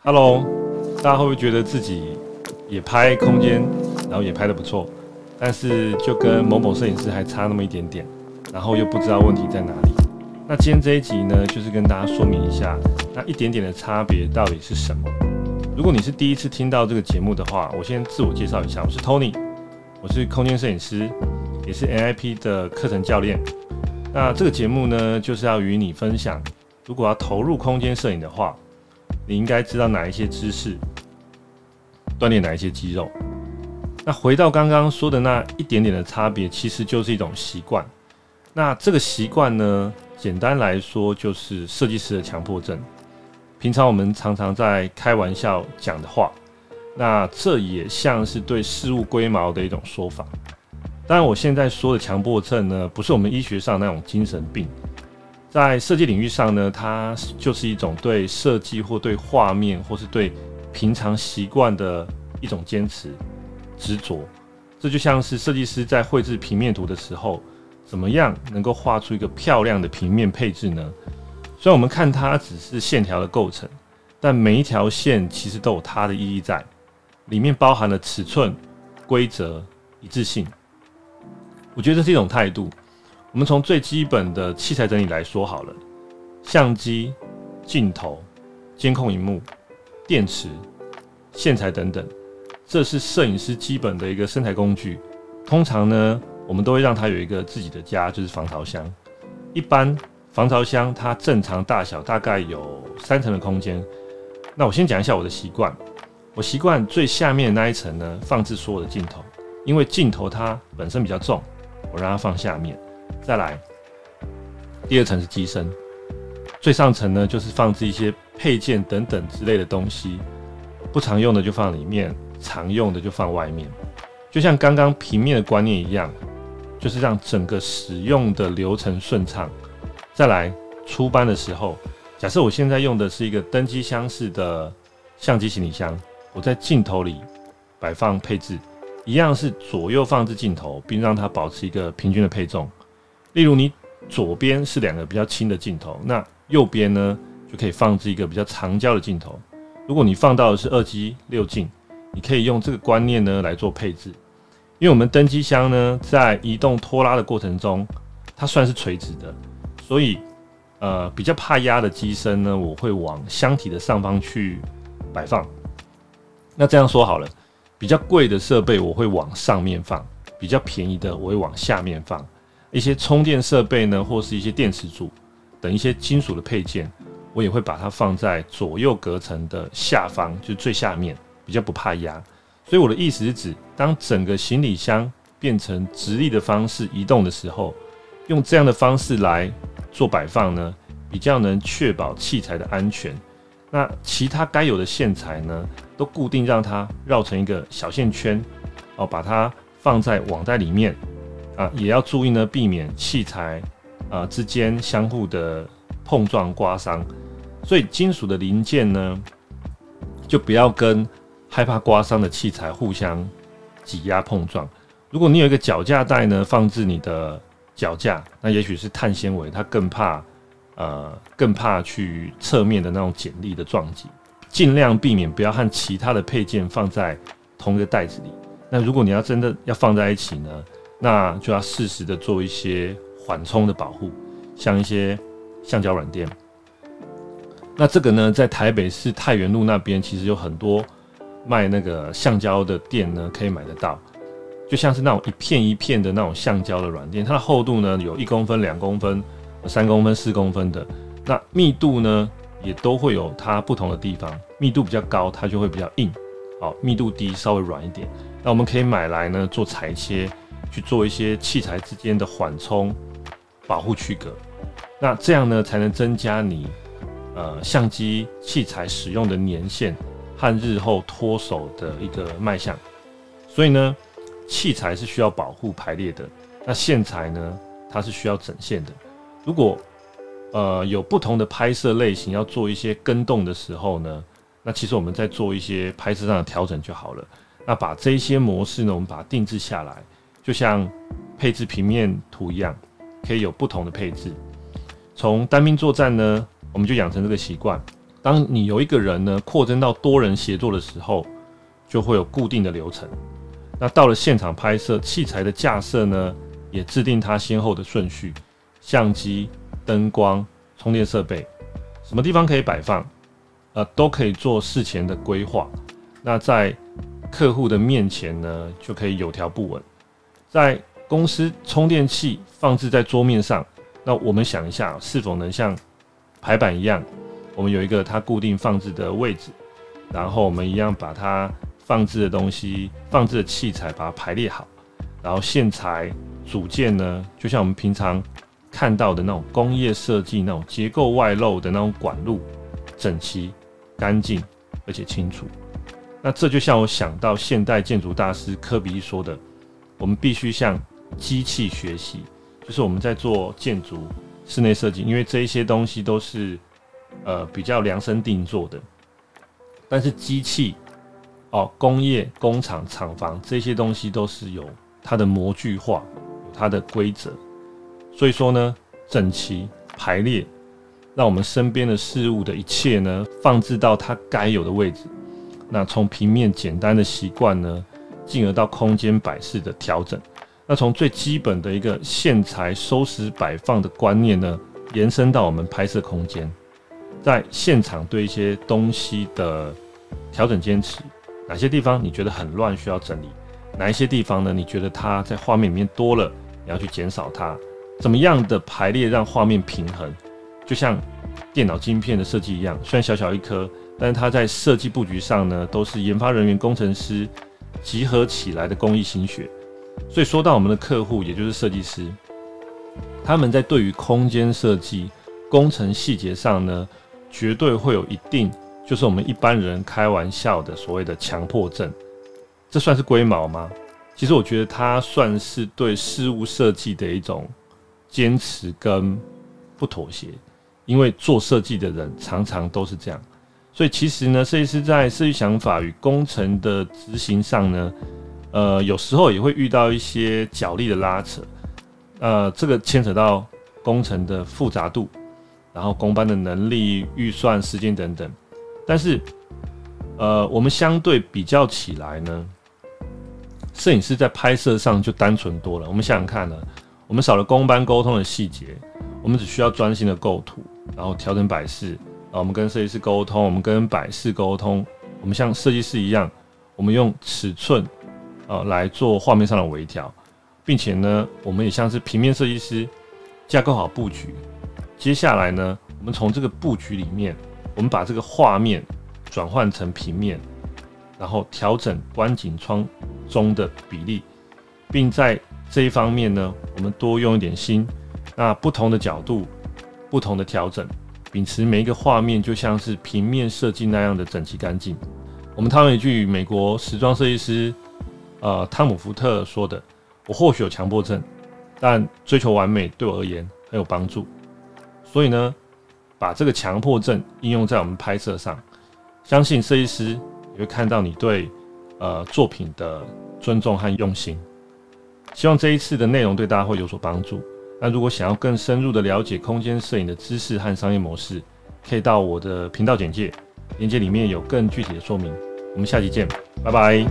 哈嘍，大家會不會覺得自己也拍空間，然後也拍得不錯，但是就跟某某攝影師還差那麼一點點，然後又不知道問題在哪裡？那今天這一集呢，就是跟大家說明一下，那一點點的差別到底是什麼？如果你是第一次聽到這個節目的話，我先自我介紹一下，我是 Tony，我是空間攝影師，也是 NIP 的課程教練。那這個節目呢，就是要與你分享，如果要投入空間攝影的話，你應該知道哪一些知識，鍛鍊哪一些肌肉。那回到剛剛說的那一點點的差別，其實就是一種習慣。那這個習慣呢，簡單來說就是設計師的強迫症。平常我們常常在開玩笑講的話，那這也像是對事物龜毛的一種說法。當然，我現在說的強迫症呢，不是我們醫學上那種精神病。在設計領域上呢，它就是一種對設計或對畫面或是對平常習慣的一種堅持、執着。這就像是設計師在繪製平面圖的時候，怎麼樣能夠畫出一個漂亮的平面配置呢？雖然我們看它只是線條的構成，但每一條線其實都有它的意義在，裡面包含了尺寸、規則、一致性。我覺得這是一種態度。我們從最基本的器材整理來說好了相，相機、鏡頭、監控熒幕、電池、線材等等，這是攝影師基本的一個生財工具。通常呢，我們都會讓它有一個自己的家，就是防潮箱。一般防潮箱它正常大小大概有三層的空間。那我先講一下我的習慣，我習慣最下面的那一層呢，放置所有的鏡頭，因為鏡頭它本身比較重，我讓它放下面。再來，第二層是機身，最上層呢就是放置一些配件等等之類的東西，不常用的就放裡面，常用的就放外面，就像剛剛平面的觀念一樣，就是讓整個使用的流程順暢。再來，出班的時候，假設我現在用的是一個登機箱式的相機行李箱，我在鏡頭裡擺放配置，一樣是左右放置鏡頭，並讓它保持一個平均的配重。例如，你左邊是兩個比較輕的鏡頭，那右邊呢就可以放置一個比較長焦的鏡頭。如果你放到的是二機六鏡，你可以用這個觀念呢來做配置。因為我們登機箱呢在移動拖拉的過程中，它算是垂直的，所以呃比較怕壓的機身呢，我會往箱體的上方去擺放。那這樣說好了，比較貴的設備我會往上面放，比較便宜的我會往下面放。一些充電設備呢，或是一些電池組等一些金屬的配件，我也會把它放在左右隔層的下方，就是最下面，比較不怕壓。所以我的意思是指，當整個行李箱變成直立的方式移動的時候，用這樣的方式來做擺放呢，比較能確保器材的安全。那其他該有的線材呢，都固定讓它繞成一個小線圈，哦，把它放在網袋裡面。啊，也要注意呢，避免器材啊、呃、之間相互的碰撞刮傷。所以金屬的零件呢，就不要跟害怕刮傷的器材互相擠壓碰撞。如果你有一個腳架袋呢，放置你的腳架，那也許是碳纖維，它更怕呃更怕去側面的那種剪力的撞擊，盡量避免不要和其他的配件放在同一個袋子裡。那如果你要真的要放在一起呢？那就要適時的做一些緩衝的保護，像一些橡膠軟墊。那這個呢，在台北市太原路那邊，其實有很多賣那個橡膠的店呢，可以買得到。就像是那種一片一片的那種橡膠的軟墊，它的厚度呢，有一公分、兩公分、三公分、四公分的。那密度呢，也都會有它不同的地方。密度比較高，它就會比較硬。好，密度低，稍微軟一點。那我們可以買來呢，做裁切。去做一些器材之間的緩衝保護區隔，那這樣呢，才能增加你呃相機器材使用的年限和日後脫手的一個賣相。所以呢，器材是需要保護排列的。那線材呢，它是需要整線的。如果呃有不同的拍攝類型，要做一些更動的時候呢，那其實我們再做一些拍攝上的調整就好了。那把這些模式呢，我們把它定制下來。就像配置平面圖一樣，可以有不同的配置。從單兵作戰呢，我們就養成這個習慣。當你由一個人呢，擴增到多人協作的時候，就會有固定的流程。那到了現場拍攝，器材的架設呢，也制定它先後的順序：相機、燈光、充電設備，什麼地方可以擺放，呃，都可以做事前的規劃。那在客戶的面前呢，就可以有條不紊。在公司充電器放置在桌面上，那我們想一下，是否能像排版一樣，我們有一個它固定放置的位置，然後我們一樣把它放置的東西、放置的器材把它排列好，然後線材組件呢，就像我們平常看到的那種工業設計那種結構外露的那種管路，整齊、乾淨而且清楚。那這就像我想到現代建築大師柯比意說的。我們必須向機器學習，就是我們在做建築室內設計，因為這一些東西都是呃比較量身定做的。但是機器哦，工業工廠廠房這些東西都是有它的模具化，有它的規則。所以說呢，整齊排列，讓我們身邊的事物的一切呢，放置到它該有的位置。那從平面簡單的習慣呢，進而到空間擺設的調整，那從最基本的一個線材收拾擺放的觀念呢，延伸到我們拍攝空間，在現場對一些東西的調整、堅持，哪些地方你覺得很亂需要整理？哪一些地方呢？你覺得它在畫面裡面多了，你要去減少它？怎麼樣的排列讓畫面平衡？就像電腦晶片的設計一樣，雖然小小一顆，但是它在設計布局上呢，都是研發人員、工程師。集合起來的工藝心血，所以說到我們的客戶，也就是設計師，他們在對於空間設計、工程細節上呢，絕對會有一定，就是我們一般人開玩笑的所謂的強迫症，這算是龜毛嗎？其實我覺得他算是對事物設計的一種堅持跟不妥協，因為做設計的人常常都是這樣。所以其實呢，設計師在設計想法與工程的執行上呢，呃，有時候也會遇到一些角力的拉扯，呃，這個牽扯到工程的複雜度，然後工班的能力、預算、時間等等。但是，呃，我們相對比較起來呢，攝影師在拍攝上就單純多了。我們想想看呢，我們少了工班溝通的細節，我們只需要專心的構圖，然後調整擺飾。啊，我們跟設計師溝通，我們跟擺設溝通，我們像設計師一樣，我們用尺寸，呃、啊，來做畫面上的微調，並且呢，我們也像是平面設計師，架構好布局。接下來呢，我們從這個布局裡面，我們把這個畫面轉換成平面，然後調整觀景窗中的比例，並在這一方面呢，我們多用一點心。那不同的角度，不同的調整。秉持每一個畫面就像是平面設計那樣的整齊乾淨。我們套用一句美國時裝設計師，呃，湯姆福特說的：“我或許有強迫症，但追求完美對我而言很有幫助。”所以呢，把這個強迫症應用在我們拍攝上，相信設計師也會看到你對呃作品的尊重和用心。希望這一次的內容對大家會有所幫助。那如果想要更深入的了解空間攝影的知識和商業模式，可以到我的頻道簡介，鏈接裡面有更具體的說明。我們下期見，拜拜！